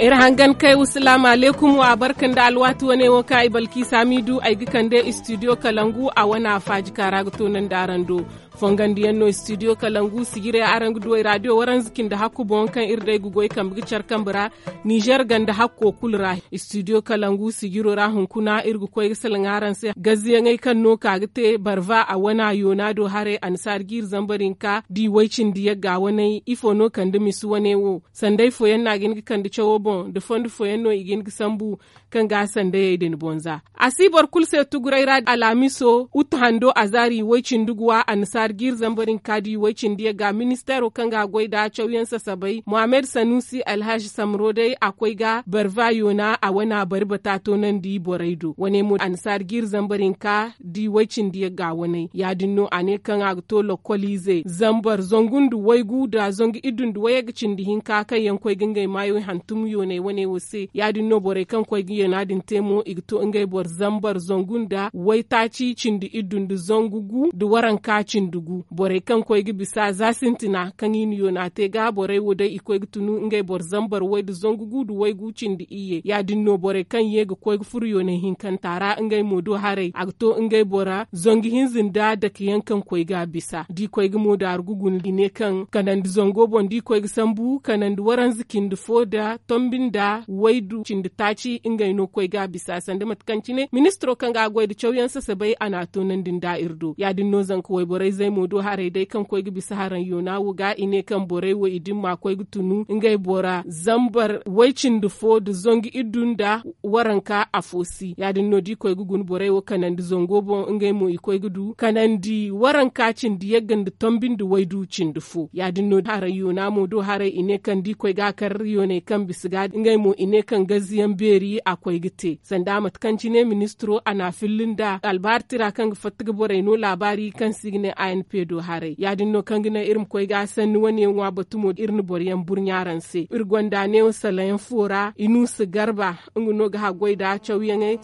ir hangan kai wassalamu alaikum wa barkan da alwatu wane wo kai balki samidu ai gikan de studio kalangu a wana faji karago to darando fongandi no studio kalangu sigire arang duwai radio waran zikin da hakku bon kan irde gugoi kan bigchar kan bra niger ganda hakko kulra studio kalangu sigiro ra kuna irgu koy salan aran se gazi ngai kan no kagte barva a wana yonado hare ansar gir zambarin ka di waicin diya ga wanai ifo no kan dumi misu wane wo sandai fo yan nagin kan di chawo bon de fond fo no igin sambu kan ga sandai yidin bonza asibor kulse tugurai ra alamiso utando azari waicin duguwa ansar argir zambarin kadi wacin dia ga ministero ga gwai da chauyansa sabai muhammad sanusi alhaji samro dai akwai ga barva yona a wana barbata to nan di boraido wane mu ansar gir zambarin ka di wacin dia ga wani ya dinno ane kan agto lokolize zambar zongundu waigu da zongi idundu wayag cindihin ka kan yankoi gingai mayo hantum yone wane wose ya dinno bore kan gi giyona din temo igto ingai bor zambar zongun da wai taci cindi idundu zongugu du waran ka cindi dugu bore kan koy gi bisa za sintina kan yin yo na te ga bore wode dai ikoy gi tunu ngai bor zambar wai du zongu gudu wai gu di iye ya no bore kan ye ga koy gi furyo ne hin kan tara nge modo hare agto nge bora zongi hin zinda da kiyan kan koy ga bisa di koy gi gun argugun ne kan kanan di zongo bon di koy gi sambu kanan di waran zikin di foda tombin da wai du cin di taci ngai no koy ga bisa sanda matkanci ne ministro kan ga goy di chauyan sa sabai ana tonan din da irdo ya no zan koy bore zai modo hare dai kan koi gibi saharan yona wuga ine kan borai wa idin ma koi tunu ngai bora zambar waicin du fo du zongi idun da waranka afosi no di koi gugun borai wa kanan du zongo bo ngai mu ikoy gudu kanan di waranka cin di yagan du tombin du waidu cin du fo din no hare yona modo hare ine kan di koi ga kar yone kan bisiga ngai mu ine kan gaziyan beri a koi gite sanda matkanci cine ministro ana fillin da albartira kan fatiga borai no labari kan signe a kayan pedo hare yadin no kangina irin koi ga sanni wani wa batumo irin boryan burnyaran se irgonda ne salen fura inu su garba no ga hagoi da chawiyenge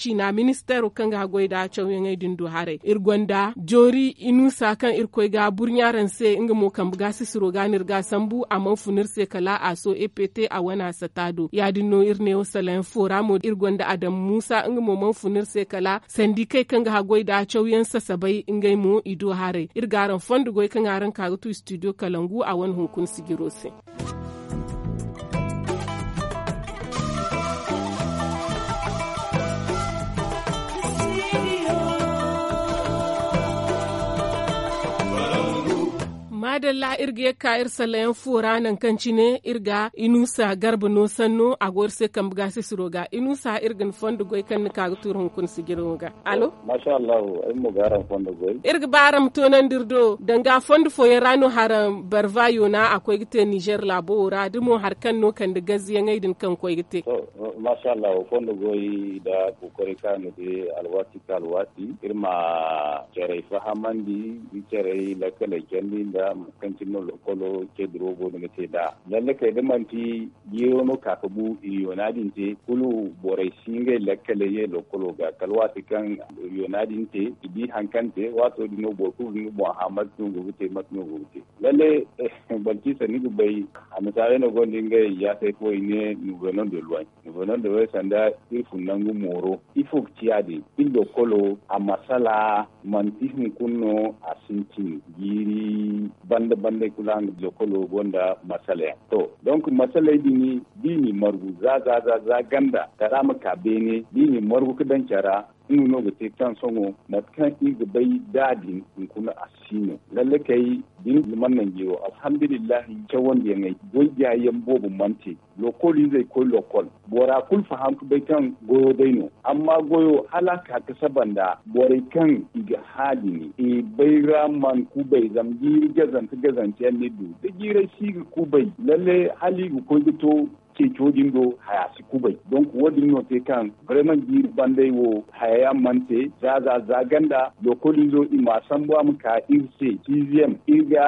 ci na ministero kan ga hagoi da yenge dindu hare irgonda jori inu sa kan koy ga burnyaran se inga mo kan ga sisiro ga nirga sambu amon funir se kala aso EPT a wana satado yadin no irne salen fura mo gonda adam musa inga mo man funir se kala sandi kanga kan ga hagoi da chawiyen sasabai inga mo ido hare hare irgaran fondu goy kan aran kagutu studio kalangu a wani hunkun sigirose. adalla irga ka irsa layan fura nan kanci ne irga inusa garba no sanno kan buga kam su roga inusa irgin fondu goi kan nika ga turun kun su roga alo masha Allah in mu garan fondu goi irga bara mu tonan dirdo dan ga fondu fo rano haram barva yona akwai gite Niger labo labora dimo har kan no kan da ngai din kan koi gite masha Allah fondu goi da kokori kan de alwati kalwati irma jere fahamandi jere lakala jandi da kanti no lokolo ke drogo ne mete da lalle kai da manti yiro no ka bu yonadin te kulu bore singe lekale ye lokolo ga kalwati kan yonadin te ibi hankante wato dino boku ni muhammad tun gubute mat no gubute lalle balki sani bay amitare no gonde ngai ya sai ko ine nuvenon de loin nuvenon de wai sanda ifu nangu moro ifu tiade indo kolo amasala manti hunkuno asintini giri banda banda kulan jokolo gonda masale to donc bi dini bi margu za za za za ganda ta karama kabene dini margu kidan cara inu no gote kan songo na kan ga bai dadin in kuna asino lalle kai din liman nan jewo alhamdulillah ce wanda yangai goy jayen bobu mante lokoli zai koi lokol bora kul faham bai kan goyo daino amma goyo halaka ka sabanda bore kan iga hali ne e bai man ku bai zamgi gazanta gazanta ne do da gira shi ku bai lalle hali ku koy to ke cojin do haya si kubai donc wodin no te kan vraiment dir bandai wo haya mante za za za ganda lokoli zo ima san am ka irse sixième iga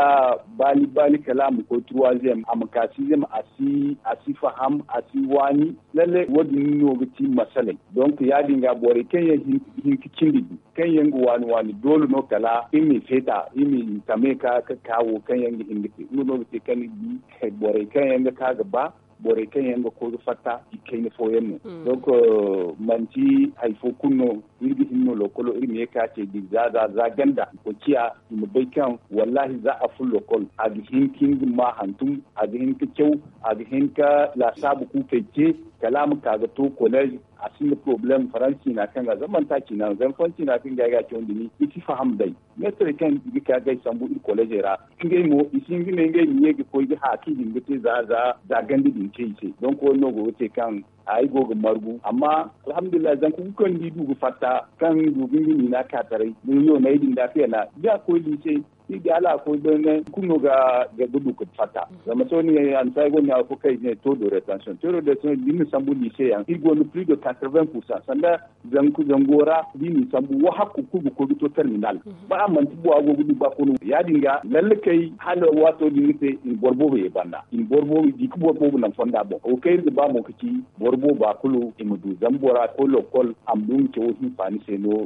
bali bali kalam ko troisième am ka sixième asi asi faham asi wani lalle wodin no gati masale ku ya dinga bore kenya hin kicindi kenya wani wani dole no kala mi feta mi tameka ka kawo kenya hin no no te kan bi bore kenya ka gaba bore kan yanga ko fatta ikene fo yenno hmm. donc euh, manti hay fo kunno irgi hinno lokolo irmi k'a ce di za za za ganda ko kiya mu bai kan wallahi za a ful lokol a hin king ma hantum a hin ka kyau a hin ka la sabu ku fece kalamu kaga to kolai a yi problem faransi na kanga zaman taki na zan fanti na pinga ga chondi ni iti faham dai metre kan bi ka ga sambu i college ra ngai mo isingi ne ngai ni yegi ko ga haki din gute za za da gandi din ce ce don ko no go ce kan ai go margu amma alhamdulillah zan ku kan di du fatta kan du bingi ni na tare ni yo na idin da fiya na ya ko li ce ni da ala ko don ne kuno ga ga dudu ko fata zama so ni an sai go nya ko kai ne to do retention to do retention dimi sambu ni lise an igo no plus de 80% sanda zan zan ku gora zangora dimi sambu wa hakku ku ku to terminal mhm. ba amma ti tibu ago gudu ba kono ya dinga lalle kai halo wato ni te in borbo be banda in borbo di ku borbo nan fonda bo o kai ba mo kici borbo ba kulu imudu bora ko lokol am dum ke wo hin fani seno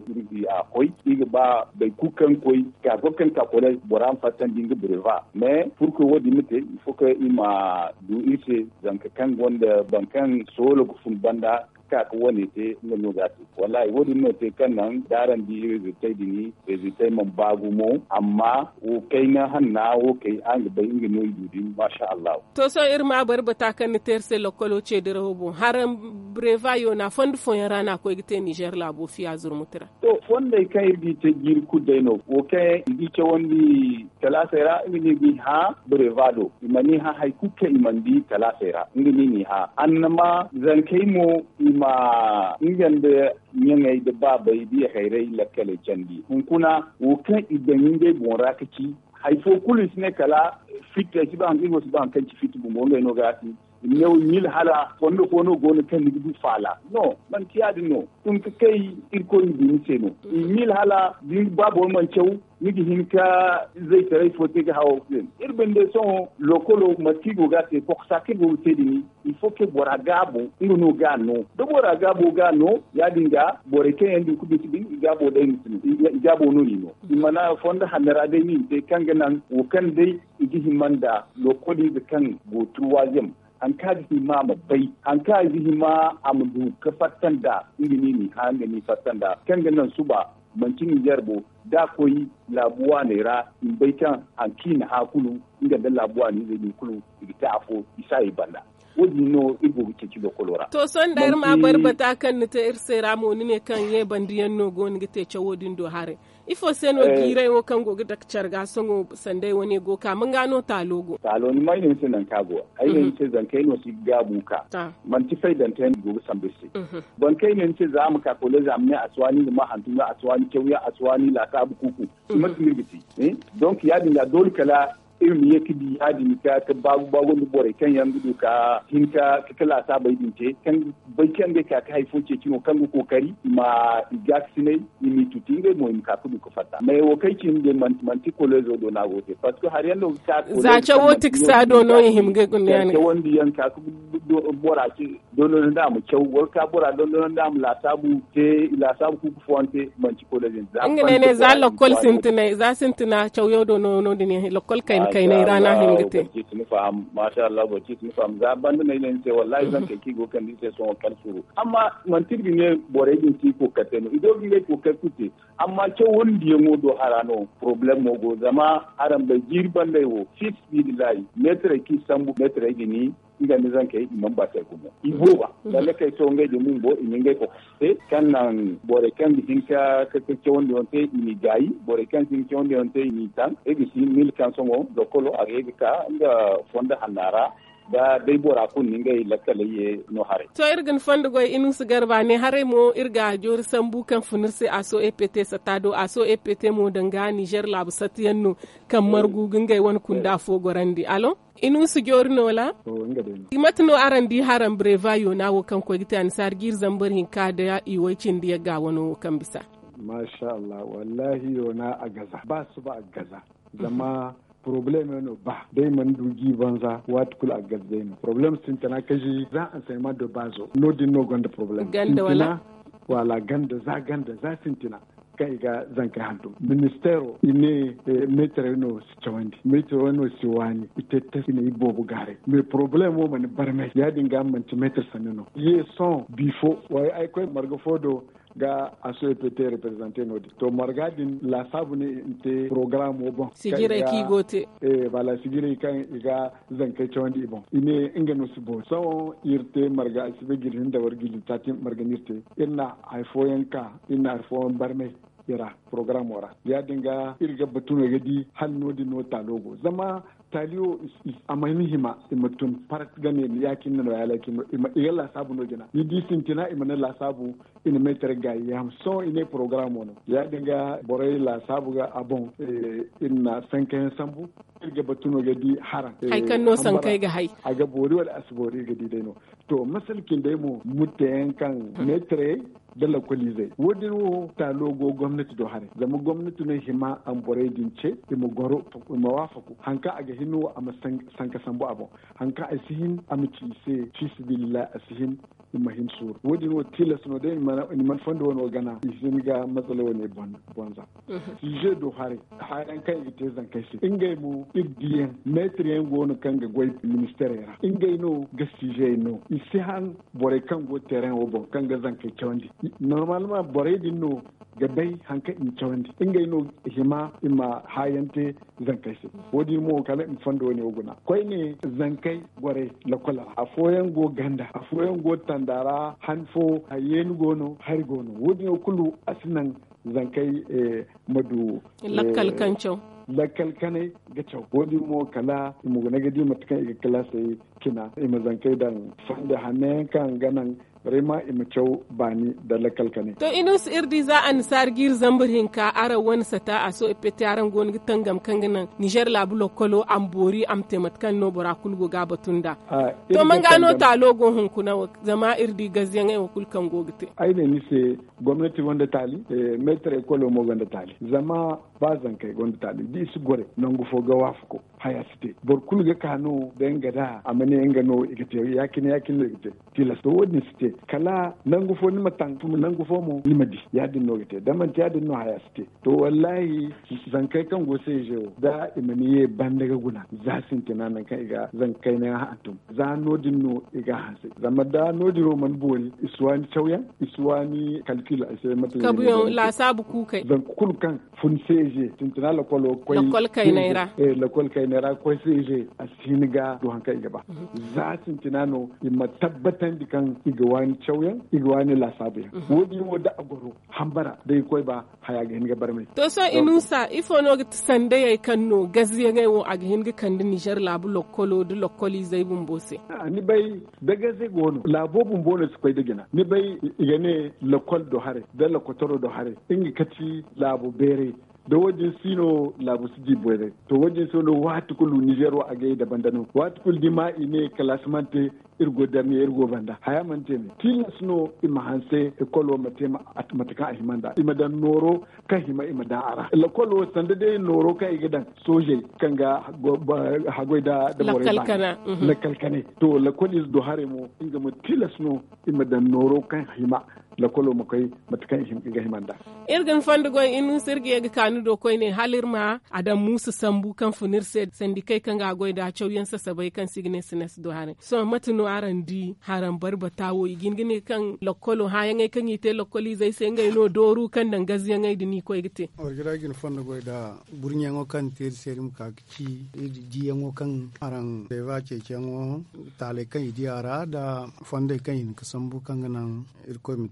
a koi iga ba bai kan koi ka ga kan ka kole mais pour que vous diminuez, il faut que m'a du ise de kan ka wani te ngano gati wallahi wodi no te kanan daran di resultat dini resultat man bagu mo amma wo kai na hanna wo an ga bayin no yudi masha Allah to so irma barba ta kan terse lokolo ce da rahobo haram breva yo na fond fon rana ko gite Niger la bo fiya zurmutra to wanda kai bi te girku dai no kai bi wani talasera ngini bi ha brevado imani ha haikuke imandi talasera ngini ni ha annama zankeimo mo ima ngende nyangai da babai bi hairai lakale candi hunkuna uke idanginde bonra kici haifo kulis ne kala fit ci ban ngos ban kan fitu bumbo bu mo no gati new mil hala fondo kono gono kan du fala no man tiyadi no ɗum ka kai irko ni bini seno mil mm. hala din babo man cew nigi hin ka zai tare fo te ga hawo fen irben de son lokolo go ga te ko sa ke go te dini il faut que bora gabo no ga no do bora gabo ga no ya di dinga bore ke en ku biti ga bo de ni ga bo no ni no mm. imana fonda hanara de ni te kan ganan wo kan dai igi himanda lokoli ga kan go tuwa yam an ka hima ma bai hankali hima amdu ka fatan da ilimi ne ni fatan da kan ganan su ba manci da koyi labuwa ne ra in bai kan an na hakulu inda da labuwa ne zai kulu ta afo isa ibanda wadi no ibo ke ci da kolora to son da ma barbata kan ni ta irse ramoni ne kan ye bandiyan no go ni te do hare ifo seno eh, gire wo kan go gidak charga songo sandai wani go ka mun gano talo logo ta ni mai sin nan kago ai yin ce mhm. zan kai no si gabu ka man ti fai dan tan go san bisi mhm. ban kai ne ce za mu ka kole za mu ne aswani da mahantu na aswani kewya aswani la ka bu kuku mun mhm. tirgiti eh donc ya dinga dole kala irin ya kidi ya dini ka ka bagu bagu ni bore kan yan do ka hin ka ka kala sa bai te. kan bai kan da ka ka haifo ce kino kan kokari ma i imi tutire mo in ka ku ko fata mai wo kai kin de man man ti kolezo do na wote parce que har lo ka ko za cha wo tik sa do no him ga kun ne ne wanda yan ka ku bora ci do no da mu kyau wor ka bora do no da mu la sabu te la sabu ku ku fonte man ti kolezo za ngene ne za kol sintine za sintina kyau yo do no no lo kol kai kainai rana hingite masha Allah ba ki mi fam za bandu ne ne se wallahi zan kai ki go kan dite so kan suru amma man tirbi ne bore din ki ko kateno ido gi ne ko kute amma ke wondi mo do harano problem mo go zama aran ba jirban dai wo fit billahi metre ki sambu metre gini iga ne zan kai imam ba sai kuma ibo ba mm-hmm. lalle kai to de mun bo in nge ko te kan nan bore kan din ka ka ke wonde on te ni gai bore kan din ke wonde on te ni tan e bi si mil kan songo dokolo age ka nga fonda hanara da dai bora kun ni ngai lakale ye no hare to irgin fandu goy inu su garba ne hare mo irga jori sambu kan funirse aso EPT tado aso EPT mo danga Niger lab satiyanno kan margu gingay won kunda fo gorandi alo inu su no la imatno arandi haram breva yo wo kan ko gitan sargir zambar ka da cin dia ga wono kan bisa masha Allah wallahi yo na a gaza ba su ba a gaza zama mm -hmm. problème no ba dai man dugi banza wat kul agas dai no problem sin tana kaji za enseignement de base o no din no gonda problem ganda wala wala ganda za ganda za sintina kai ga zanka ministère o ine euh, metere no si chawandi metere no si wani ite tes ine ibobu gare mais problem o man barme ya dinga manti ti metere sanino ye son bifo wa ay ko margo fodo ga aso pete representer no to margadin la sabu ne te programme bon sigire ki gote eh bala sigire kan ga zankai chondi bon ine inga no subo so irte marga sibe girin da wargi tatin marganirte ina foyen ka ina foyen barme ira programme ora ya dinga irga batuno gadi hanno di no talogo zama taliyo a amaini hima ima tum parat gane yakin na ya laki ma iya la sabu no jina ni disin tina ima na la sabu ina metere ga ya so ine program wono ya dinga borai la sabu ga abon e, ina sankayen sambu irga batuno ga di haran kan no sankai ga hai a ga bori wal asbori ga di dai no to masalkin dai mu mutayen kan hmm. metere dala kwali zai wodi wo ta logo gwamnati do hare zama gwamnati ne hima an bore e ima goro ima wafaku hanka aga hinu ama sanka sambo abo hanka asihin amci se fi asihin ɗuma hin suur woodi no tilas no de man fonde won o gana sin ga matsala woni bonza mhm. sujet do hare haɗan kay ga tesan kay si ingay mo ɗigdi en maître en gono kanga goy ministére era ingay no ga sujet no i isi han bore kango terrain o bon kanga zanke cawndi normalement bore din no ga bay hanka in cawndi ingay no hima ima hayante zankai si wodi mo kala in fondo woni o guna koyne zankai gore lakola a foyan go ganda a foyan tan sandara hanfo a yeni gono har gono wodi kulu asinan zankai eh, madu eh, lakalkancin kancan ga cewa wodi mo kala mu na gadi matakan iga kala sai kina ima zankai dan fanda hannayen kan ganan rema imchau bani da lakalkane to inus irdi za a an sargir zambar hinka ara wani sata a so ipete aran gon tangam kanganan Nijar labulo kolo am bori am temat no bora kulgo ga batunda to man gano ta logo hunku na zama irdi gaziyan ai wakul kan gogite ai ne ni se gwamnati wanda tali metre kolo mo wanda tali zama ba zan kai gonda tali di su gore nan gufo ga wafuko haya te bor ga kano da a mani yan gano no yakin yakin yakine igate tilas to su site kala nan gufo ni matan tum nan gufo mu ni madi ya din no igate da man ta din no haya site to wallahi zan kai kan go sai jewo da imani ye ban daga guna za sin tinanan kai ga zan kai na atum za no din no iga hasi zama da no diro man boni iswani chauya iswani kalkila sai mata kabuyon la sabu kukai zan kulkan kan fun sai ije tuntuna lokol wo koy lokol kaynayra e lokol kaynayra eh, koy si ije a siniga do hanka iga ba za tuntuna no ima tabbatan dikan kan wani chawyan igwani wani lasabe mhm. wodi woda agoro hambara dai koy ba haya ga hinga barme to so inusa ifo no sande yai kanno gaziye ngai wo aga hinga kandi niger labu lokolo du lokoli zai bumbose ah, ni bai da gaze gono labo bumbone su koy gina. ni bai yane lokol do hare da lokotoro do hare ingi kati labu bere da wajen sino ji jibwere to wajen sino watukulu niger wa agay daban dano watukul dima ine klasmante irgo me irgo banda haya mante ne tilla sino ima hanse ekolo matema atmataka ahimanda ima dan noro ka hima ima da ara la kolo sanda de noro ka dan soje kanga hagoi da da bore la kalkana mhm. la kalkane to la kolis do haremo inga mo tilla sino ima dan noro ka hima lakolo ma koy matakan ihim ga himanda irgan fandugo inu sirgi ga kanu do koy ne halirma adam musu sambu kan funir se sandikai kan ga goy da chawyan sa sabai kan signes sines do hare so no arandi haram barba tawo igin gine kan lakolo hayan kan yite lakoli zai se ngai no doru kan dan gaziyan ngai dini koy gite or gira gin fandugo da burnyango kan tir serim ka ki ngo kan aran deva ce ngo tale kan idi ara da fonde kan yin kasambu kan nan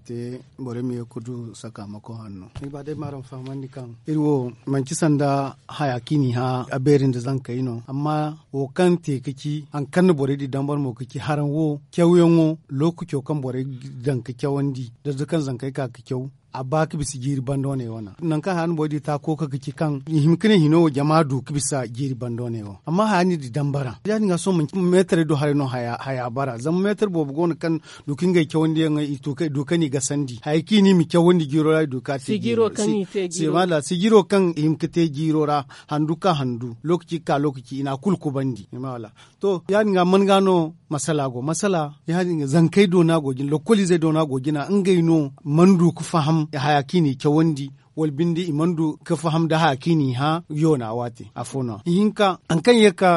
te. ye bore mu ye kudu sakamakon hannu ni ba dai maran famani kan irwo man kisan da hayaki ni ha aberin da zan kai no amma wo kan te kici an kan bore di dambar mo kici haran wo kyawyen wo loku kan bore dan ka kyawandi da dukan zan kai ka kyau a ba kibisi jiri ne wana nan kan hannu bai ta ko ka ki kan himkine hino jama du kibisa jiri ne wa amma hani di dambara ya ni so mun metre do hare no haya haya bara zam metre bo bugon kan du ga ke wonde ngai ito kai du ni ga sandi hay ki ni mi ke wonde giro ra du ti giro kan ni te giro mala si giro kan himkite giro ra handu ka handu lokaci ka lokaci ina kulku bandi mala to ya ni man gano masala go masala ya ni kai do na gogin lokoli zai do na gogina ngai no mandu ku faham hayaki ne kyawun di. wal bindi imandu ka fahamda ha kini ha yona wati afuna hinka an kan yeka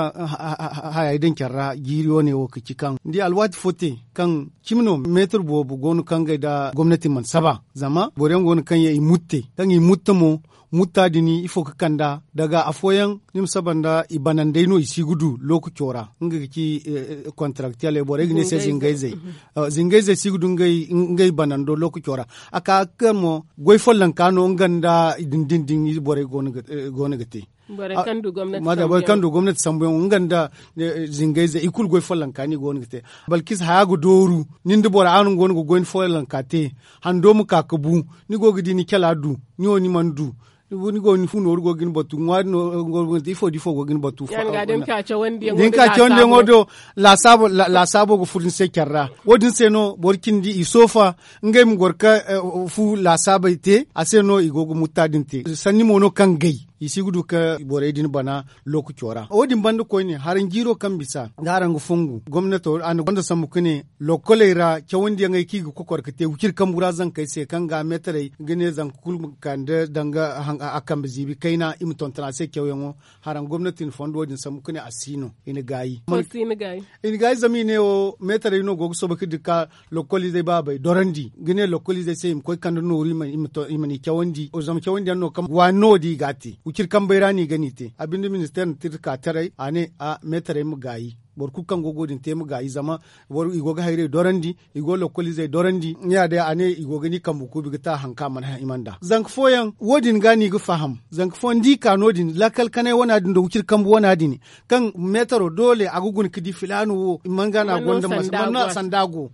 ha ya idan kyarra giriyo ne wo kici kan ndi alwati fote kan kimno metr bo bu gonu kan ga da gwamnati man saba zama boren gonu kan ya imutte kan imutte mo muttadini ifo kakanda daga afoyan nim sabanda ibanandaino isigudu loku cora nga ki eh, e bore gne se zingaize mhm. uh, sigudu ngai ngai banando loku cora aka kamo goy follan kano nga kanda dindindin bore gona gate eh, bore kandu gwamnati ah, mada bore kandu gwamnati sambu nganda eh, zingai ze ikul goy follan kani gona gate balkis ha go ni ninde bore anu gona go goin follan te hando mu kakabu ni go gidi ni du ni oni du woni goni fu nor gogin botu ngwar no gogin fo di fo gogin botu fo yan gaden ka cha won di ngod din ka cha won ngodo la sabo la sabo go furin se kyarra wodin se no borkin di isofa ngem gorka eh, fu la sabo ite aseno igogo mutadin te sanni mono kan gei isigudu ka bore din bana loku chora odin bandu ko ni harin giro kan bisa garan fungu gwamnati an gwanda samu kune lokolera kyawundi ngai ki ka korkate wukir kan burazan kai se kan ga metare gine zan kul kan da danga hanga akan bizibi kaina im tontana se kyawyengo harin gwamnatin fondo odin samu kune asino ini gayi ini gayi ini gayi zamine o metare no so sobaki ka lokoli zai babai dorandi gine lokoli zai se im koy kan no rima im to imani kyawundi o zam kyawundi no kam wa gati ukir kambay rani gani te abinda minister tir tirka tarai ane a metare mu gayi bor kukkan gogodin temu i izama bor igoga hayre dorandi igo lokoli kolize dorandi nya da ane igoga ni kambu kubi gita hanka man ha imanda zank foyan wodin gani gu faham zank fo ndi kanodin lakal kane wona din wukir kambu wona din kan metaro dole agugun kidi filanu wo mangana gonda mas manna sandago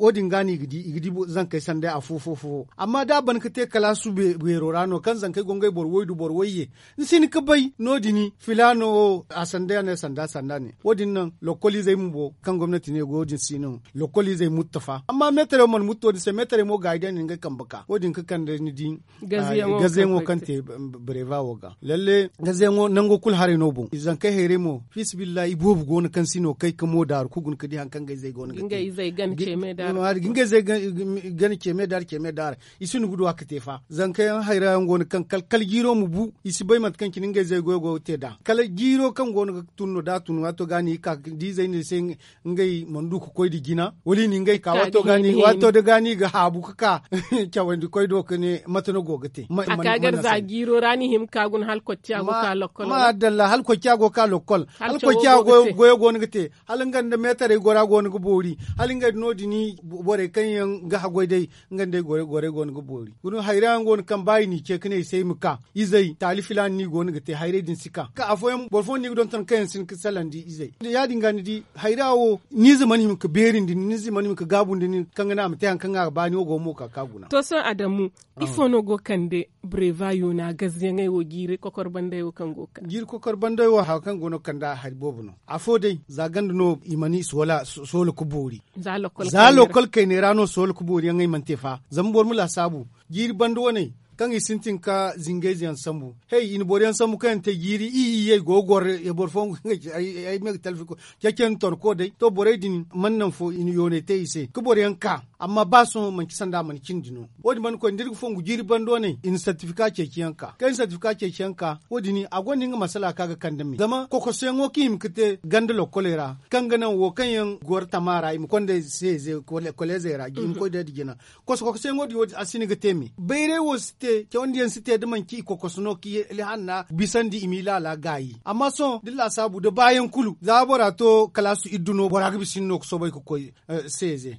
wodin gani gidi gidi zan kai sanda a fu amma da ban ka te kala su be rano kan zan kai gongai bor woidu bor woyye nsin ka bai nodini filano a sanda ne sanda sanda ne wodin nan nam lokoli zai mbo kan gwamnati ne go jin sino lokoli zai muttafa amma metere mon mutto se metere mo gaida ne ga kan baka ko din ka kan da ni din gazen ah, wo kan te breva woga ga lalle gazen wo nango kul hare no bu izan kai here mo bisbillahi bo bu gona kan sino kai ka mo dar ku gun kadi han kan ga zai gona ga zai gan ce me dar ga zai gan ce me dar ke me dar isin gudu aka tefa zan kai an haira an gona kan kalkal giro mu bu isi bai mat kan kin ga zai goyo go te da kala giro kan gona tunno da tunwa to gani ka ne sai ngai mandu ku koydi gina wali ni ngai ka wato gani wato da gani ga habu kaka kyawandi koydo ne matano gogate akagar zagiro rani him hal halko tiago ka lokol ma dalla halko tiago ka lokol halko tiago goyo gon gite halingan da metare gora gon gubori halingan nodi ni bore yan ga ngan dai gore gore gon bori gunu hairan gon kan bayi ni ke kane sai muka izai talifilan ni gon gite haire din sika ka afoyan borfon ni don tan kan sin kisalandi izai ya dinga gani di hairawo ni zamani mi ka berin din ni zamani mi ka gabun din ni kanga na mte kanga ba ni ogo mu ka kaguna to san adamu ah. ifo no go kande breva yo na gazde ngai wo gire kokor bande wo kan go kan gire kokor bande wo ha kan go no kanda har bobu no afo dai gando no imani sola solo kuburi za kol za lokol kai ne rano solo kuburi ngai mante fa mu la sabu gire bando ne kan sintin ka zingezi yan sambu hey in bori yan sambu kan te giri i i ye gor e bor fon ay ay me telfi ko ke ken tor ko de to bore din man nan fo in yone te ise ko bori yan ka amma ba su man kisan da man kin dino wodi man ko ndirgu fongu jiri bando ne in certificate ke kiyanka kan certificate ke kiyanka wodi ni agoni nga masala kaga kandami zama ko ko sen wo kim kite gandalo kolera kan ganan wo kan yan gor tamara im konde se ze koleze ra gim mhm. ko da digina ko ko sen wodi wodi asini ga temi beire wo site ke on dien site de man ki ko ko suno ki le hanna bisandi imila la gayi amma so dilla sabu da bayan kulu zabora to kalasu iduno bora ga bisinno ko so bai ko eh, seze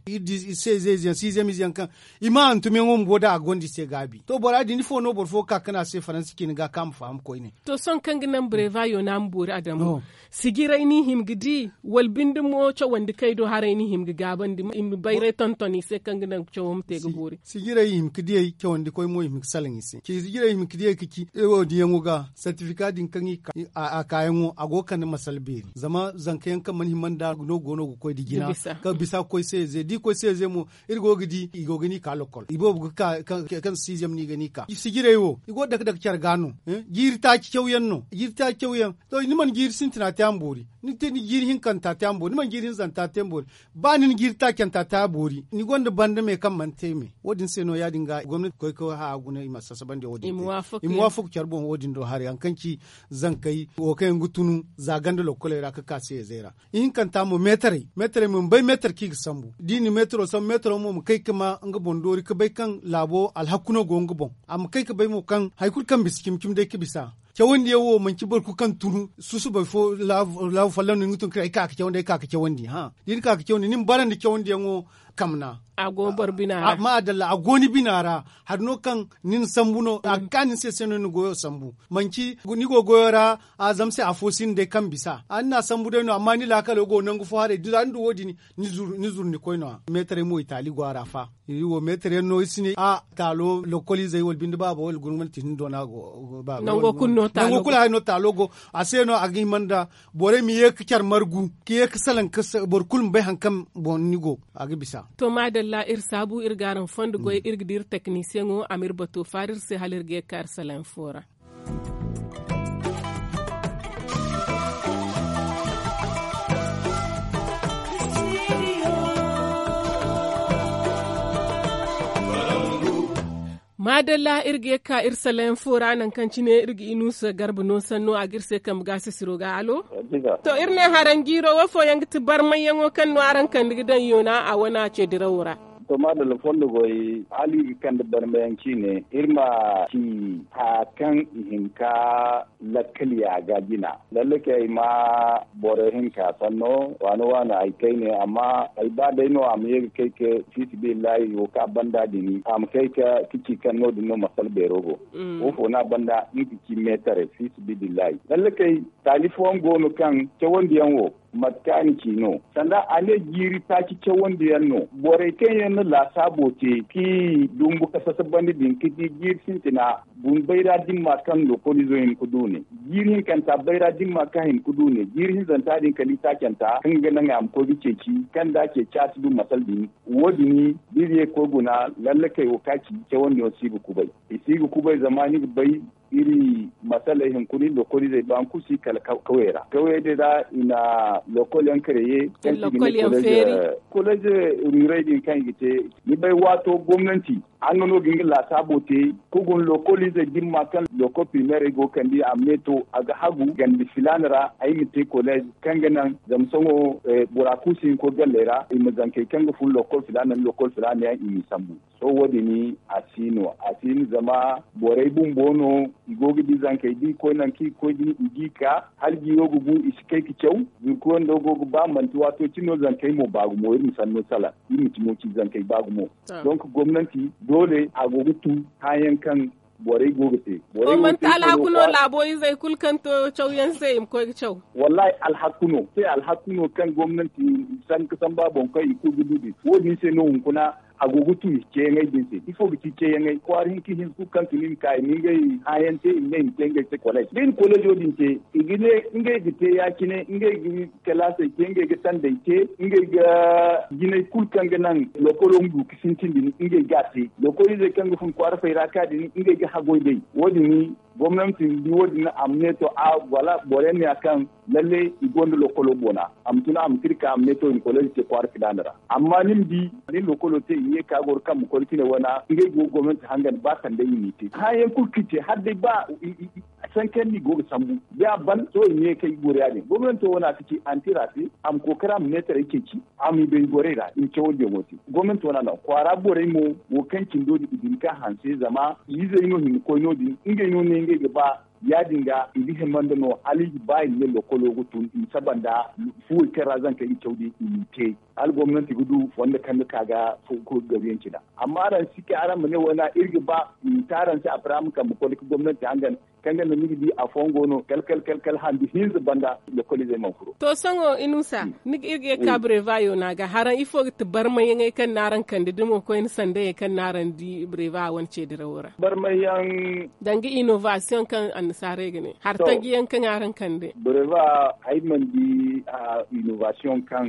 seze 3e sixième yen kan ko antume ngom boda gondi se bi. to bɔra di ni fo no bɔra fo ka kana se faransi kini ka kam fam ko ne to son kan nan breva yo nan bor adamu oh. sigira ni him gidi wal bindu mo cho wandi kai do hare ni him ga bandi im bayre tontoni se kan nan cho wom te ga bori sigira him kidi ke wandi koyi mo him salin isi ki sigira him kidi kiki e wodi yango ga certificate din kan a a ago kan masalbe zama zankayan kan man man da no gono ko gina. ka bisa ko se ze di ko se ze mu irgogidi igogini igo gani ka lokol ibo ka kan sixième ni gani ka sigire wo igo dak dak char ganu eh? girta ci chew yenno girta ci chew yam to ni man gir sintina ta ambori ni te ni gir hin kan ta ta ambori ni man gir hin zanta ta ta ambori ba ni gir kan ta ta bori ni gonde bande me kam man te me wodin seno no yadin ga gwamnati koy ko ha guna ima sasa bande wodin imu wafuk bon wodin do har yan kanki zan kai o kai ngutunu za gande lokole ra ka ka se zera in kan ta mo metre metre mo bay metre ki sambu dini metro sam metro boro mo kai kama nga bondori ka bai kan labo alhakuno go nga bon am kai ka bai mo kan haikul kan biskim kim dai kibisa cewandi yawo man ci ku kan tunu susu bai fo lav lav fallan ni ngutun kai ka ka cewandi ka ka cewandi ha din ka ka cewandi nim baran da cewandi yango kamna ago barbinara ma adalla agoni binara hadno kan nin sambuno mm. akanin se seno ni goyo sambu manki ni go goyora azam se afosin de kan bisa anna sambu de no amma ni la kala go nangu fo hare dudan du wodi ni nizur nizur ni koyno metre mo itali go arafa yiwo metre no isini a talo lokoli zai wol bindu baba wol gurmun tin do na go baba nango kunno talo nango kula no talo go aseno agi manda bore mi yek kyar margu ki yek salan kas bor kulm bai hankam bon ni go agi bisa Toma to madalla ir sabu ir garan fondo goy mm. ir amir bato farir se halir ge kar fora madalla irge ka irsalen fora nan kan cine irgi sa garbu no sanno a girse kam gasi siro ga alo to irne harangiro wafo yang tibar mayango kan no aran kan digidan yona a wana ce dirawura to ma da lafondo goyi ali kan da barmayanci ne irma ki ha kan hinka lakaliya ga gina lalle kai ma bore hinka sanno wani wani ai kai ne amma ai ba dai no am yega kai ke fiti bi layi wo ka banda dini am kai ka kiki kan no dinno masal rogo mm. wo fo na banda ni kiki metare fiti bi layi lalle kai talifon gono kan ke wondiyan wo matkan no sanda ale giri ta ci ce wanda yan no bore ken na la sabo te ki dumbu ka sasa bandi din ki di gir na bun bayra din matkan lo ko ni ku kudu ne hin kan ta bayra din matkan hin kudu ne hin zanta din kali ta ta kan ga nan am ko bice ci kan da ke chat du masal din wodi ni biye ko guna lalle kai wakaki ce wanda yau sibu kubai e sibu kubai zamani bai iri masala hin kuni lokoli zai ban kusi kala kawera kawai da da ina lokoli an kreye lokoli an feri college rurai din kan gite ni bai wato gwamnati an nono gingin la sabo te kugun lokolize gimma kan loko primaire go kandi amne to aga hagu gandi filanra ay mite college kanganan zamsongo eh, buraku sin ko gallera im zanke kanga ful lokol filanan lokol filane ay mi sambu so wodi ni asino asin zama borai bun bono igogi di zanke di ko nan ki ko di igika halgi yogu bu iske ki cew zurko ndo gogo ba mantuwa to cino zanke mo bagu mo irin sanno sala irin timo ki zanke bagu mo donc gomnanti dole a gogutu kayan kan borai gogute ko man ta alhakuno yi zai kulkan to yan sai im ko chau wallahi alhakuno sai alhakuno kan gwamnati san kasan babon kai ko gudu wodi sai no kuna agugutu ikengai dinse ifo gichikengai kwarin ki hizku kan tunim kai ningai hayante ingai kengai se college din college odin te igine ingai gite yakine ingai gi kelase kengai gitan de ke ingai ga gine kul kan ganan lokolo ngu kisintin din ingai gati lokolo de kan gun kwarfa iraka din ingai ga hagoy dai wodi ni gwamnatin diwodi na amneto a wala bore ne akan lalle da lokolo bona amtuna amtirka amneto in college ke kwar kidanara amma nin bi ni lokolo te ye ka gor kam kolkine wana ngai go gwamnati hangan ba kan da yini te kayan kurkice har dai ba 50 go mu ya ban to ne kai goriya ne gwamnati wana take antirati am kokara mu netar ke ci am be gore da in ce wode moti to wana na kwara gore mu wo kankin dodi idin ka hanse zama yi zai no hin ko no din inge no ne inge ba ya dinga idi hemando no ali bai ne lokolo gutun sabanda fuwe kera zan kai chaudi ke al gwamnati gudu wanda kan ka ga ko gabiyan da amma ran sike aran mu ne wala irgi ba taran sai a fara muka mu ko gwamnati hangan kanga na migi bi a fongo no kel kel kel kel handi hinz banda le colise man furo to songo inusa mm. ni irge mm. kabre vayo na ga haran ifo te barma yenge kan naran kan de mo ko en sande kan naran di breva won che dira wora barma yang dangi innovation kan an sare gane har tagi yan kan naran kan de breva hay man di a innovation kan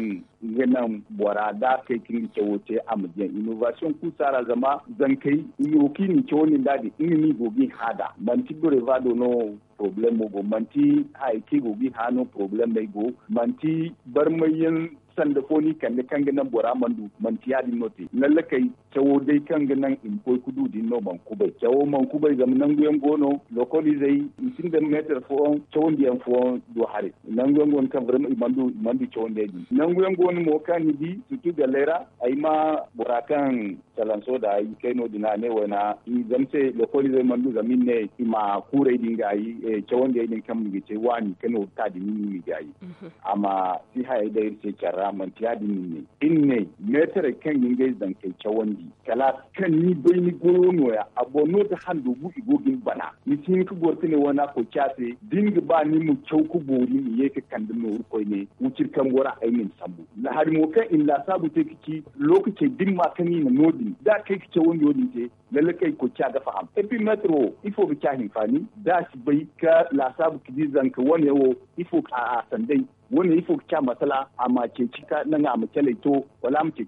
ganan bora da kai kin ce wote amjan innovation ku sara zama zankai yoki ni ce woni dadi ni ni gobi hada ban ti breva mercado, não problem go manti haiti go gi hano problem mai go manti barmayin sanda ko ni kan kan gana bora mandu manti tiya di noti lalle kai cawo dai kan gana in koi kudu di no man kubai cawo man kubai zam nan guyan gono lokoli zai isin da meter fo cawo biyan fo do hare nan guyan gono kan vrem mandu mandu cawo dai di nan guyan gon mo kan ni di tutu da lera ai ma bora kan salanso da i kai no dina ne wana in zamse lokoli zai mandu zamin ne i ma kurai dinga ai Eh, ke wanda ya kan mu ce wani kano ta nini mi gayi mhm. amma si ha ya dai ce kyara man ta nini ne in ne metere kan yin gai dan kai ke wanda kala kan ni bai ni goro ya abo no da handu bu igogin bana ni tin ku gorti ne wana ko kyase dinga ba ni mu kyau ku gori ni ka kan din mu ko ne wucir kan gora ainin sabu la har mu kan illa sabu te kiki lokace din ma kan ni na nodin da kai kike wanda wani te lalle kai ko kya ga faham metro ifo bi kya fani da shi bai ka k'i kidi zanka wani wo ifo a sandai wani ifo kya masala a ke cika a nga ma wala to wala ma ke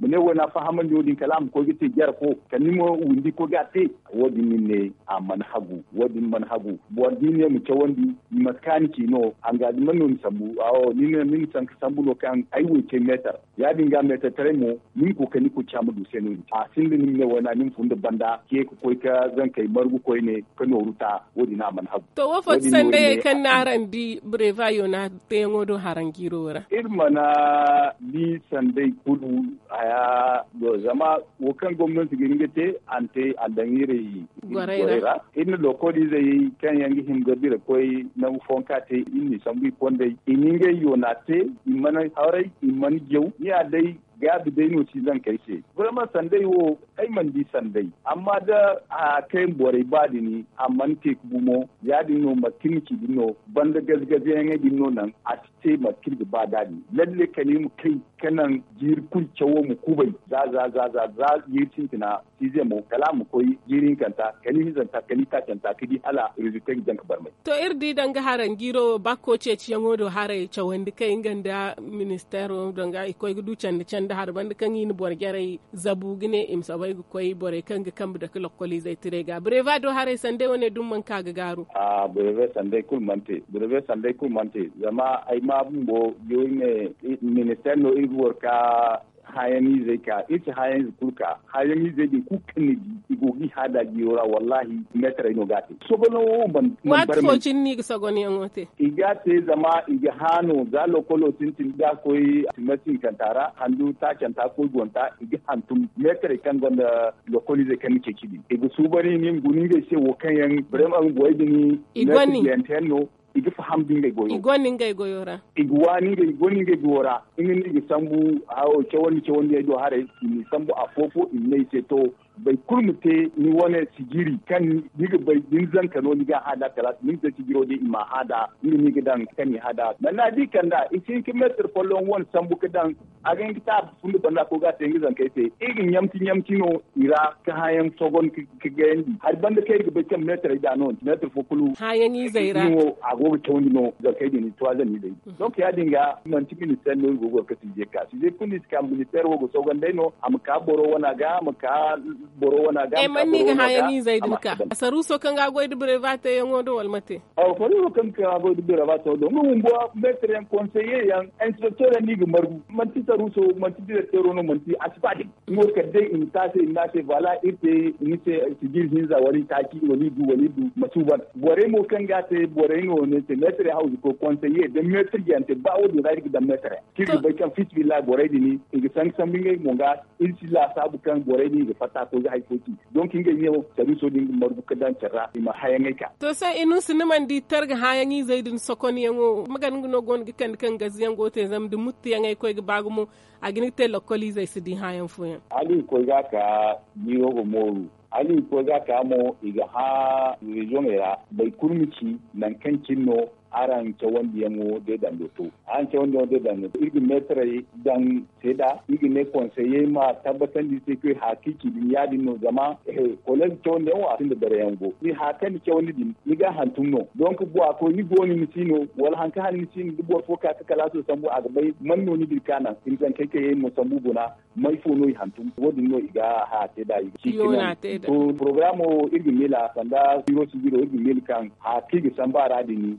mu ne wani wona fahamandi odin kalam ko gite gyar ko kanimo wundi ko gate wodi ne a manhagu wodi manhagu wodi ne mu ce wandi maskani ke no an ga diman no sambu awo ni ne min san sambu lo kan ai we ke meter ya dinga meter tare mu min ko kani ko mu du seno a sindi ni ne wani wona fun da banda ke ko koi ka zan kai margu koi ne kano ruta wodi na manhagu to wofat sande kan naran breva yona tengo do harangiro ra ir mana li sande kudu aya do zama wokan gwamnati gingete ante adangire yi goreira ko lokodi zai kan yangi him gobira koi na fonka te inni sambi konde ininge yonate imana haurai man gew ni dai. ya bi dai nuci zan kai ce vraiment sandai wo man mandi sandai amma da a kai bore badi ni amma tek kubumo ya no makin ki makinki no banda gazgaje yan ne no nan a ce makin da badani lalle kani mu kai kanan jir kulcewo mu kubai za za za za za yi tintina size mu kala mu koyi jirin kanta kani hizan ta kani ta kanta kidi ala jan jank barmai to irdi danga haran giro bakko ce ci ciyan wodo harai cawandi kai inganda ministero danga ikoy du canda canda da har harban kan yin bor gerai zabu gine im sabai ko yi bore kan ga kan da kula koli zai tire ga breva do hare sande wone dum man ka ga garu a breva sande kul mante breva sande kul mante zama ai ma bumbo yo ne minister no in worka hayami zai ka ita hayami kulka hayami zai din kuka ne igogi hada giyora wallahi metra ino gati so bolo wo ban wat ko cinni ga sagoni an wote iga te zama iga hano za kolo tintin da koyi timatin kantara handu ta kanta ko gonta iga hantum metra kan gonda lokoli zai kan ke kidi iga subari ni gunin ga se wo kan yan brem an goyi ni igoni yantenno igi fahamdin ga goyo igonin ga goyora igwani ga igonin goyo ra. inin ni sambu hawo ce wani ce wani ya do hare ni sambu afofo in ne ce to bai kurmute ni wani sigiri kan niga bai din zan kano ga hada kala ni da sigiro de ima hada ni niga dan kan ni hada na na di kan da isi ki meter polon won sambu ka dan agan kita fulu banda ko ga te zan kai te igin yamti yamti no ira ka hayan sogon ki gendi har banda kai ga kan meter da non meter fokulu hayan yi zaira no agogo tawni no da kai ni to zan ni dai mm-hmm. donc ya dinga man ti minister no gogo ka tije ka tije kun iska minister wo go sogon dai no am ka boro wana ga am ka boro wana gam e manni ga hayani zaidin ka asaru so kan ga goyde brevate yango do walmate o fori so kan ka goyde brevate do mo mun bo metre en conseiller yan instructeur ni ga margu man ti saru so man ti directeur no man ti asfadi mo ka dai in ta se na se wala ite ni se sigil hinza wani taki wani du wani du masuban bore mo kan ga te bore no ne te metre house ko conseiller de metre yante ba o do da metre ki ba kan fit villa bore ni ga san san mo ga in sila sabu kan bore ni ga fata ko ya a yi don kin ga yau tabi so din ka dan charra ma hayan ka to sai inu siniman di targa hayan yi zaidin sokon yango magan no gon gi kan kan gazi yango te zam du mutti yangai ko ga bagu mu a gini te lokoli zai su di hayan fu yan ali ko ga ka ni go moru ali ko ga ka mo iga ha region era bai kurmici nan kan kinno aran ce wanda ya mo de dan to an ce wanda de dan loto igi metre dan seda igi ne conseiller ma tabbatan di se ke hakiki din ya din no zama eh kolen to ne wa tin da bare yango ni hakan ke wani din ni ga hantun no don ku bo ko ni goni mi tino wal hanka hal mi tino dubo ko ka ka kala so sambu a gabai no ni dirkana in zan kai ke mo sambu buna mai fo no hantun ko din no iga ha te da igi to programo igi mila sanda 00 igi mil kan hakiki sambara radini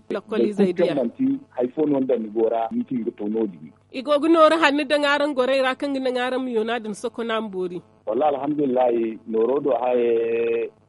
izaydiya ay nanti hay fo non dan gora mitin tonodi igogu noor hanni dangaran gore ra kan ngana ngaram yona dan sokona mbori wallahi alhamdulillah do haye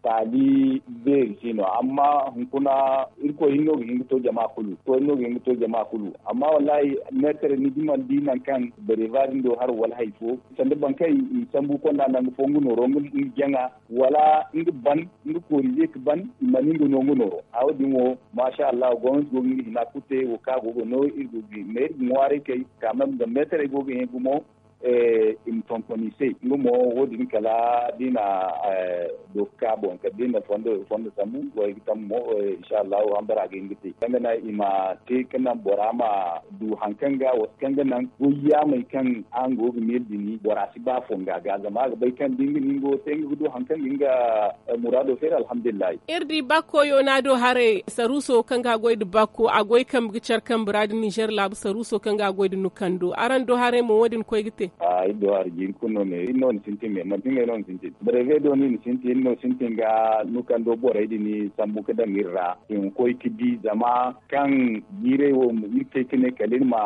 tali be sino amma hunkuna irko hinno hingo to jama kulu to hinno hingo to jama kulu amma wallahi metere ni diman dinan kan berevarin do har wal haifo sande yi sambu ko na nan fongu no rongo janga wala ngi ban ngi ko lek ban mani ngi no ngono awdi mo masha Allah gon go ngi na kute wo ka go no irgo bi mer ngware kai kamam da metere go go gumo Eh, imtontonise ngumo wodi kala dina eh, do kabo ka dina fondo fondo samu wa gitam mo eh, inshallah ambara ga ngiti kanga na ima te kana borama du hankanga wa kanga nan goyya mai kan an go mil ni borasi ba fonga ga ma ga bai kan dingi ningo tengu du hankanga inga murado fer alhamdulillah irdi bako yo na do hare saruso kanga goy du a agoy kam gicar kam buradi niger lab saruso kanga goy du nukando aran do hare mo wodin koy gite a ido arjin kuno ne inno ni sintin me man tinga ni sinti breve do ni sintin no sinti ga nukan do bora idi ni sambu keda mirra in koy kidi zama kan gire wo mi tekene kalin ma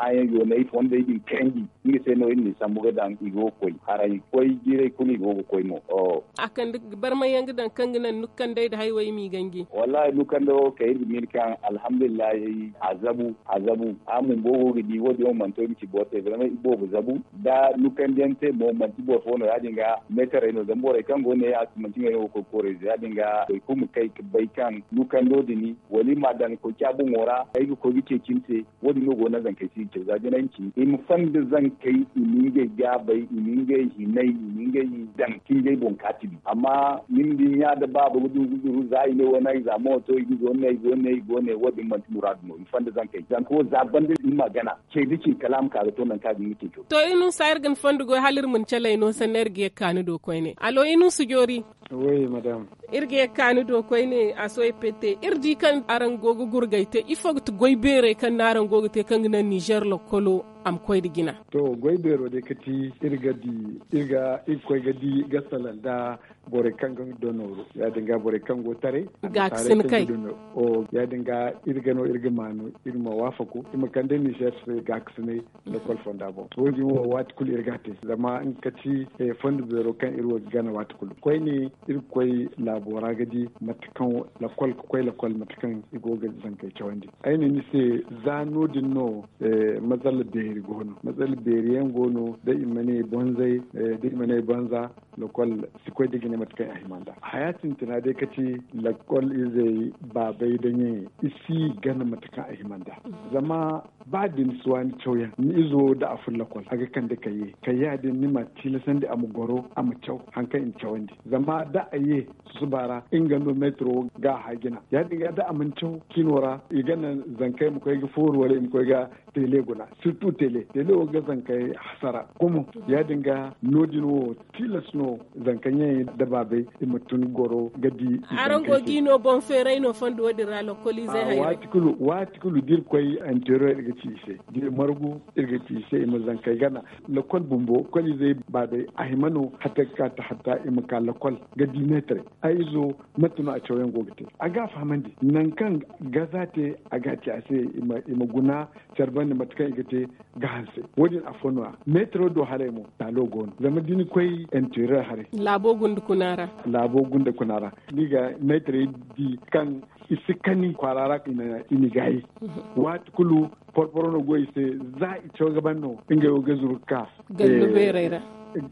haya yo na ifo wanda nda idin kengi ngi se no inni sambuga dan igo koy yi koy gire kuni go koy mo o akan barma yang dan kanginan nukan dai da haiwai mi gangi wallahi nukan da ka yi min kan alhamdulillah yi azabu azabu amun bogo gidi wodi o man to mi bote vraiment ibo zabu da nukan dente mo man ti bote wono yadinga metere no zambore kan gone as man tinga yo ko kore ga koy kum kai bai kan nukan do dini wali madan ko kya bu ngora ay ko gice kinte wodi no go na zan kai ke in san da zan kai ininge gabai bai ininge hinai ininge dan kinge bon katibi amma min din ya da babu gudu gudu zai ne wani za mo to yi zo ne zo ne go ne wadin man murad in im da zan kai dan ko zaban din magana ke dike kalam ka ga to nan ka ni ke to to inu sayar gan fanda go halir mun chalai no sanar ge kanu do ko ne alo inu su jori oui madame irge kanu do ko ne soy pete irdi kan aran gogo gurgaite ifo goy bere kan naran gogo te kan nan ni s h e r l o c kolo am koyde gina to goyɓerode kadi irga di irga koyga di gasala da bore kanga donoro ya dinga bore kango tare ga sen kai o dinga irga no irga manu irma wafa ko ima kande ni cherche gak sene l'école fonda bo wa wo wat kul te zama in kati e fond bero kan irwo gana wat kul koy ni ir koy labora gadi matkan l'école koy l'école matkan igoga zankay cawandi ayni ni se zano dinno e mazal de beri gono matsal yan gono da imane banzai eh, da imane banza lokal sikwai da gine matakai a himanda hayatin tana dai kace lokal izai babai da yin isi gana matakan a himanda zama ba din suwa ni ni izo da afur lokol aga kan da kaye kaye adin ni ma tilasan da amu goro amu cau hankan in cau zama da aye su bara gano metro ga hagina ya dinga da amincau kinora igana zankai mu kai ga foruwa mu kai ga teleguna surtout tele tele o ga zankai hasara kuma ya dinga nodin wo tilas no zankan yayi dababe mutun goro gadi aran gogi no bon ferai no fondo wadi ralo koli zai hayre watikulu watikulu dir koy antero irga ci se dir margu irga ci se mu zankai gana lakol bumbo koli zai ba dai ahimano hatta ka ta hatta imka kol gadi metre aizo matuna a cewayen gogite a gafa mandi nan kan gazate a gaci a sai ima guna charban da matakan igate gahanse wodin afonwa metro do haremo ta logon zama dini koy entire hare labo gunda kunara labo gunda kunara diga metro di kan isi kanin kwarara ina inigayi mhm. wat kulu porporono goise za icho gabanno inga yoga zurka galube eh,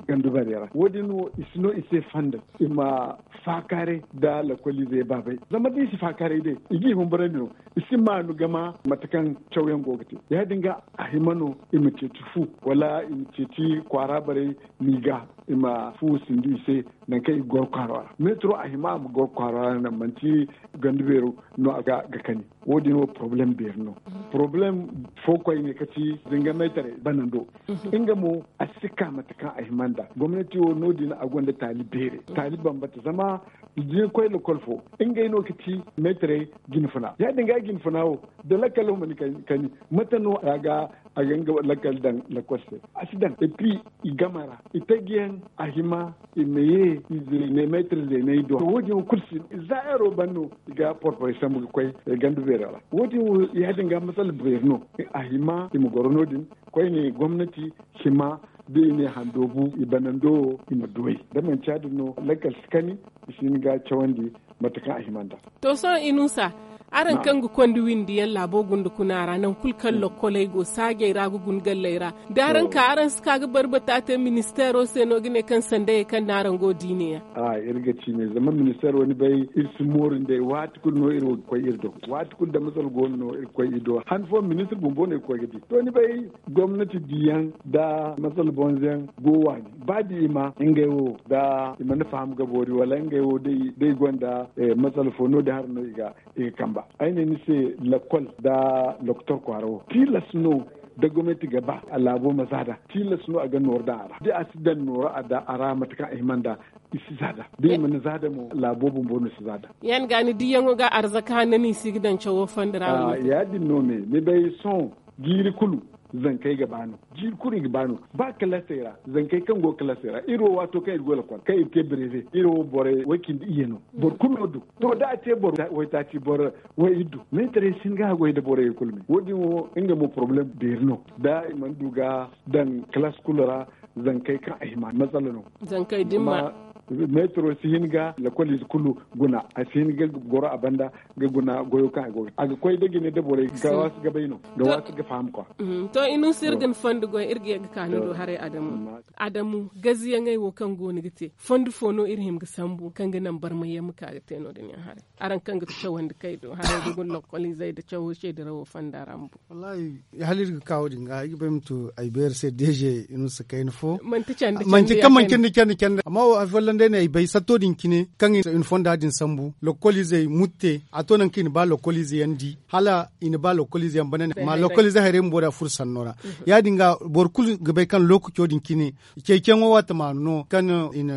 gandu ra wodi no isno ise fanda ima fakare da la kolize babai zama dai si fakare dai igi mun bare no isi nu gama matakan chauyan gogati ya dinga ahimano imace fu wala imace ceci kwara bare miga ima fu sindi ise nan kai gor kwara metro ahima mu gor kwara nan manti gandu bero no aga ga kani wodi no problem no problem fo ko ne kaci dinga metare banando mhm. inga mu asika matakan himanda gwamnati wo nodi na da talibere taliban ta zama je koy le kolfo ingay no kiti metre ginfuna ya dinga ginfuna wo da lakalo mun kani matano ga a ganga lakal dan lakwase asidan et puis igamara itagien ahima imeye ne metre de ne do wodi kursi zaero banno ga porpo isambu koy e gandu berala wodi ya dinga masal brevno ahima imugorono din koy ne gwamnati shima de ne handobu ibanando imadoi da man chadino lakal skani isin ga chawandi matakan ahimanda to son inusa aran kangu kondi windi yalla bo gundu kunara nan kulkan lokkolay mm. go sage ra gu gun gallayra daran ka aran ska ga barbata ta minister o seno gine kan sande e kan naran go dine ya a irga ci ne zaman minister wani bai irsu morin dai wati kun no irwo ko irdo wati kun da masal go no ir koy ido han fo minister bumbo ne ko gidi to ni bai gwamnati diyan da masal bonzen go wani badi ima ingewo da imana faham gabori wala ingewo dai dai gonda eh, masal n'o da har no iga iga kamba ba aine ni se lakwal da doktor kwaro tila suno da gwamnati gaba a labo mazada tila suno a ga nuwar da ara da asidan nuwar a da ara mataka iman da isi zada da yamin zada mu labo na bonus zada yan gani yan ga arzaka na ni sigidan cewa fandira ah, ya di nome ne bai son giri kulu zan kai gabano jir kuri gabano ba kalasera zan kai kan go kalasera iro wato kai gola kwa kai ke breve iro bore wakin da no bor kuno du to da te bor wai ta ci bor wai idu me tare sin ga go da bore kulme wodi mo inga mo problem berno da man duga dan class kulura zan kai kan ahima matsala no zan kai dimma metro sihin ga la kwali kulu guna a sihin ga goro abanda ga guna goyo ka go aga koy dege ne debore ga was ga bayno ga was ga fam ko mm-hmm. to inu sirgin fondu go irge ga kanu do hare adamu adamu gaziya ngai wo kan go ni gite fo no irhim ga sambu kan ga nan bar mai yam ka ga teno da ya hare aran kan ga to wanda kai do hare go gon kwali zai da chawo she da rawo fanda rambu wallahi ya halir ga kawo dinga ai bem to ai ber se deje inu sakai no fo man ti chan da man ta kan man kin kin amma wa fonde ne bay sato din kine kangin in fonda din sambu lokolize mutte atonan kin ba lokolize yandi hala in ba lokolize yan banane ma lokolize hare mboda fursan nora mhm. ya dinga borkul gabe kan lokuto din kine keken wata ma no kan in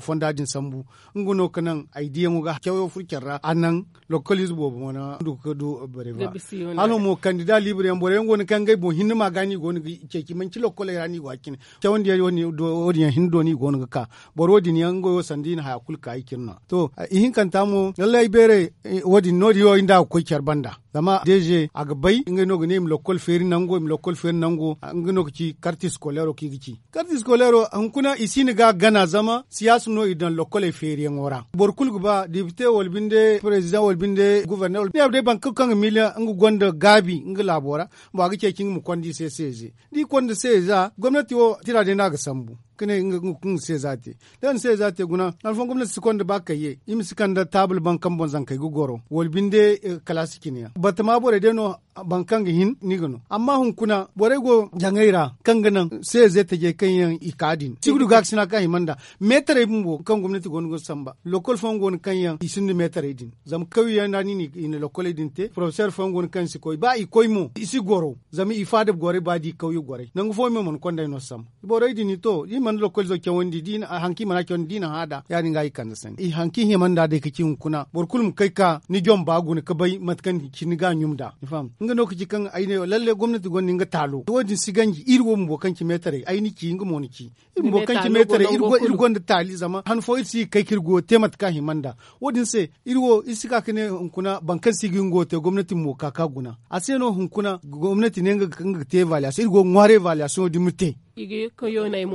fonda din sambu ngono kanan aidiyan ga kewo furkerra anan lokolize bo bona du du bareva halo mo kandida libre yan bore ngono kan gai bo hinma gani goni keki man kilo kolera ni wakin kewon yoni do odiyan hindo ni goni ka borodi ni yango boyo sandin haya kulka aikin na to ihin kan tamu lallai bere e, wadi nodi yo inda ko kyar banda zama deje aga bay inga no ne mlo kol feri nango mlo kol feri nango inga no ki karti skolero ki gici karti skolero hankuna isini ga gana zama siyasu no idan lo kol e feri ngora borkul guba dipte wolbinde president wolbinde gouverneur ne abde bank kan milia inga gonda gabi inga labora ba ga ke king mu kondi seseze di kondi seza gwamnati wo tira de na ga sambu kene nga kun se zati dan se zati guna nan fon gomna sikonde baka ye im sikanda table bankan bon zan kai gogoro wol binde eh, class kinya batma bore deno bankan hin nigono amma hun kuna bore go jangaira kanga nan se zete je kanyan ikadin sigdu gaksina kan himanda metere mbo kan gomnati gongo samba lokol fon gon kanyan isin metere din zam kawiya nani ni in lokol e din te professeur fon gon kan sikoy ba ikoy mo isi zam ifade gore ba di kawyo gore nan fo mo mon konda no sam bore e din to man lo kolzo ke wondi din hanki mana ke wondi na hada ya ni ngai kan san i e, hanki he man da de ke kin kuna bor kulum kai ka ni jom ba gun ka bai matkan ki ni ga nyumda ni fam nga no ki kan ai ne lalle gwamnati ni nga talo to wajin siganji irwo mu bokan ki metare ai ni ki nga mo ni ki mo kan ki metare irgo irgo da tali zama han fo si kai kirgo temat ka he manda wajin se irwo isi ka ne kuna bankan sigin go te gwamnati ka ka guna hun hunkuna gwamnati ne nga kan te valia irgo ngware valya so di mutte igi e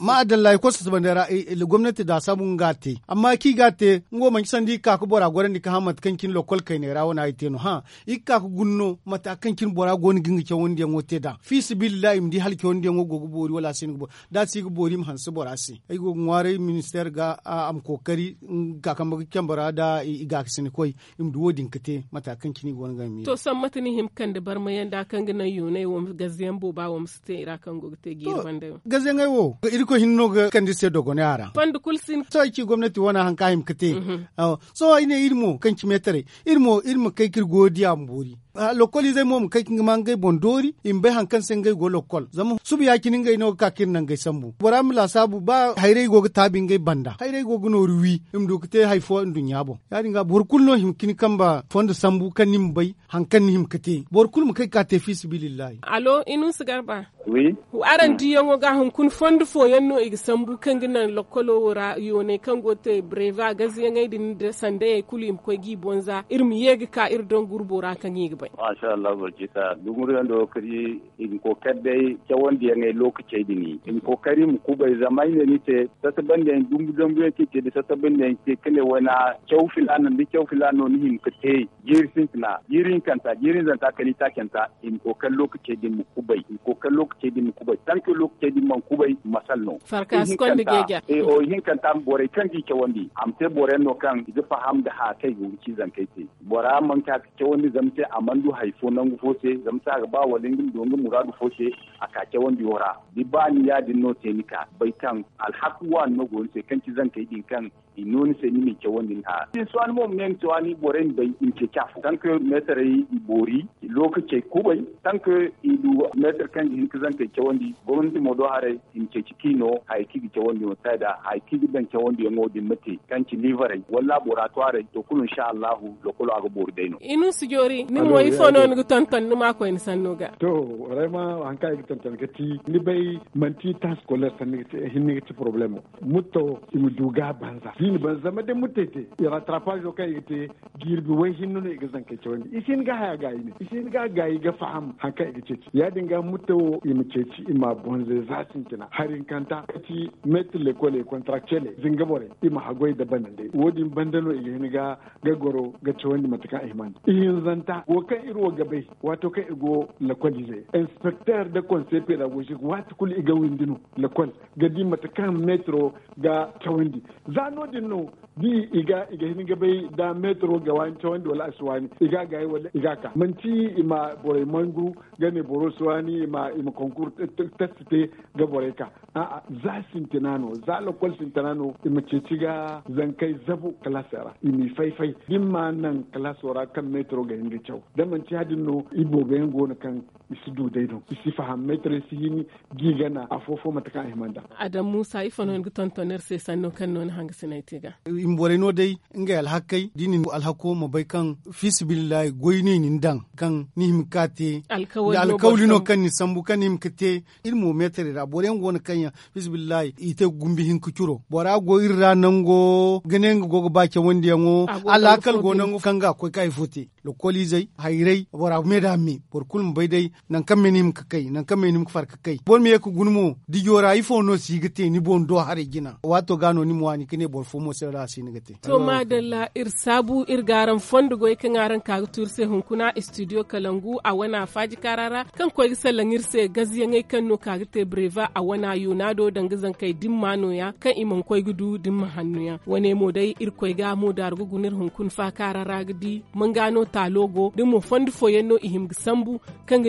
ma adalla ko sa sabay ra le eh, eh, gwamnati da sabun gate amma ki gate ngo man sandi ka ko bora gorandi ka hamat kan kin lokol kai ne rawo na iteno ha ikka ku gunno mata kan kin bora goni gingi cha wande ngote da fi sibillahi mdi hal ki wande ngo gogo bori wala sin go da si go bori man su bora si ay go ngware minister ga am kokari mm, ka kan ba kan bora da iga sin koi imdu wodin mata kan gon to san matani him kan da bar mayan da kan gina yunai gaziyan bo musu muste ira kan go te wanda bande gaze ngai wo ko hinno ga kan disse dogone ara pandu kulsin to ki gwamnati wana han kahim kete mhm. so ine irmo kan ki metere irmo irmo kai kir godiya mburi lokol izai mom kai kinga mangai bondori imbe hankan sengai go lokkol lokol zamu subi yakini ngai no kakin nan gai sambu waram la sabu ba haire go tabin ngai banda haire go no ruwi kete hay fo ndu nyabo yari nga borkul no him himkini kamba fondo sambu kanim bai hankan him kete borkul mu kai ka te billahi allo inu sigarba oui aran di ngo ga hon kun fondo fo yanno e sambu kan kanga nan lokolo wora yone go te breva gazi ngai din de sande kulim ko gi bonza irmi yeg ka irdon ra kan yeg bai masha Allah barki ta dungurin da wakari in kokar dai ke wanda ya ngai lokaci dini in kokari mu ku bai zama ne ni te sasaban da dungu dungu yake ke ke da sasaban da ke kale wana kyau filana da kyau filano ni te kate girsin na girin kan ta zanta zan ta kani ta kanta in kokar lokacin din mu ku bai in kokar lokacin din mu ku bai san ke lokacin din man ku bai masalno farka eh, skon mi gege. eh o oh, kan ta bore kan ji ke wandi am te bore no kan ji faham da ha kai gunki zan kai te bora man ka ke wani zamte amma mandu haifo nan fose zam ga ba walingin dongi muradu fose a kake wanda yora di ba ni ya din ni ka bai kan alhakuwa no gon se kanci zan kai din kan in inoni se ni mi ke wanda ha din so an mom nen to ani boren bai in ke kafu kan ko metere i bori lokace bai tan ko i du metere kan hin ki zan kai ke wanda gwamnati modo hare in ke cikino haiki ke wanda yo sada haiki dan ke wanda yo ngodi mate kanci livare walla boratuare to kulun sha Allahu lokolo aga bori dai no inu su sijori ni mo i fono ni tonton numa koy ni sanno ga to vraiment an kai tonton ga ti ni ti tas ta le tan ni hinni ti problème mutto imu duga banza hin banza ma de mutete i rattrapage ko kai te bi way hinno ne ga zanke ce wani isin ga haya ga ne isin ga ga ga faham an kay ga ce ya dinga mutto imu ce ci ima bonze zasin tina harin kanta ti mettre le cole contractuel bore ima hagoi da banande. wodi bandalo bandano i ga ga goro ga ce wani matakan ihman ihin zanta ko kan irwo gabe wato kan igo lakol ise inspecteur de conseil pédagogique wato kul iga windinu lakol gadi mata kan metro ga za no din no di iga iga hin gabe da metro ga wani tawandi wala aswani iga ga wala iga ka manci ima bore mangu gane boro suwani ima ima concours testite ga bore ka a za sintinano za lakol sintinano ima zan zankai zabu kalasara imi faifai dimma nan kalasora kan metro ga hinga chau damanci hadin no ibo ben yango na kan isi du don isi faham metre si gigana. giga na mata kan himanda adam musa ifano ngi tontoner se sanno kan non hanga sinaitiga imbore no dai nga al hakkai dinin al hakko mo bai kan fisbillah goyni nin dan kan ni himkate al kawli no kan ni sambu kan ni il ilmu metre ra bore ngo na kan ya fisbillah ite gumbi hin kuturo bora go irra nango genen go go bake wondi yango al hakkal go nango kanga ko kai futi. lo zai hairai wara meda por bor kulm bai dai nan kam menim ka nan kam menim far ka bon me ko gunmo di yora ifo no sigite ni bon do hare gina wato gano ni mwani kine bor fo mo sera sinigate to madalla ir sabu ir garan fondo goy kan ngaran ka tur se hunkuna studio kalangu a wana faji karara kan ko gi sallan ir se gaziyan kan no ka gite breva a wana yunado dangizan kai dimma ya kan iman koy gudu dimma hannu ya wane mo dai ir koy ga mo dar gugunir hunkun fa karara gidi mun gano ta logo de mu fondi fo yenno i himgi sambu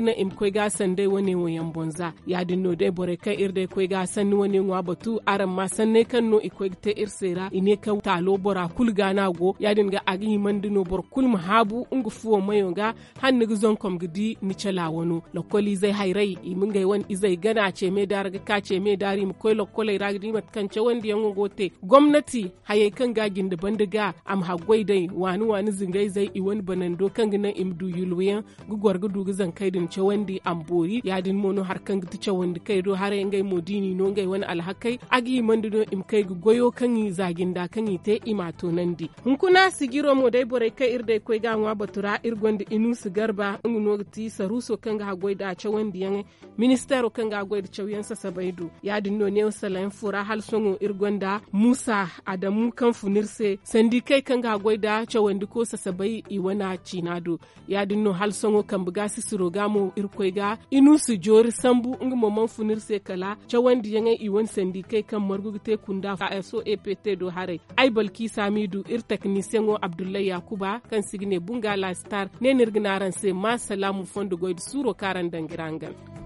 na im koy gasan dai wone wo yan bonza ya no dai bore kan dai koy gasan ni wone ngwa batu aran ma ne kan no i koy te irsera ine ka ta lo bora kul gana go ya ga agi no bor kul mahabu ungu fuwo mayonga hanni gizon kom gidi ni chala wano. lokoli zai hairai i mungai wan izai gana ce me ga ka ce me dari mu koy lokolai ragdi mat kanche wandi yango gote gwamnati haye kan gagin da bandiga am hagwai dai wani wani zingai zai i wani banan ando kangi na imdu yulwiyan gu gorgu du gu din ce wandi ambori yadin mono har kangi tice wandi kai do har ngai modini no ngai wani alhakai agi mandu do im kai gu goyo kangi zagin da yi te imato nandi hunkuna sigiro mo dai bore kai irdai koi ga nwa batura irgondi inu sigarba nguno ti saruso kanga hagoi da ce wandi yan ministero kanga hagoi da ce sa sasa baidu yadin no ne salain fura hal songo irgonda musa adamu kan funirse sandi kai kanga hagoi da ce wandi ko sasa bai iwana Nado ya dinno hal songo kambu ga sisiro ga mo irkoi ga inu su jori sambu ngi mo funir se kala chawandi yanga i won sendi kai kan margu te kunda ka so apt e do hare ai balki samidu ir technicien o abdullahi yakuba kan signe bunga la star ne ran se ma salamu fondo goid suro karan dangirangan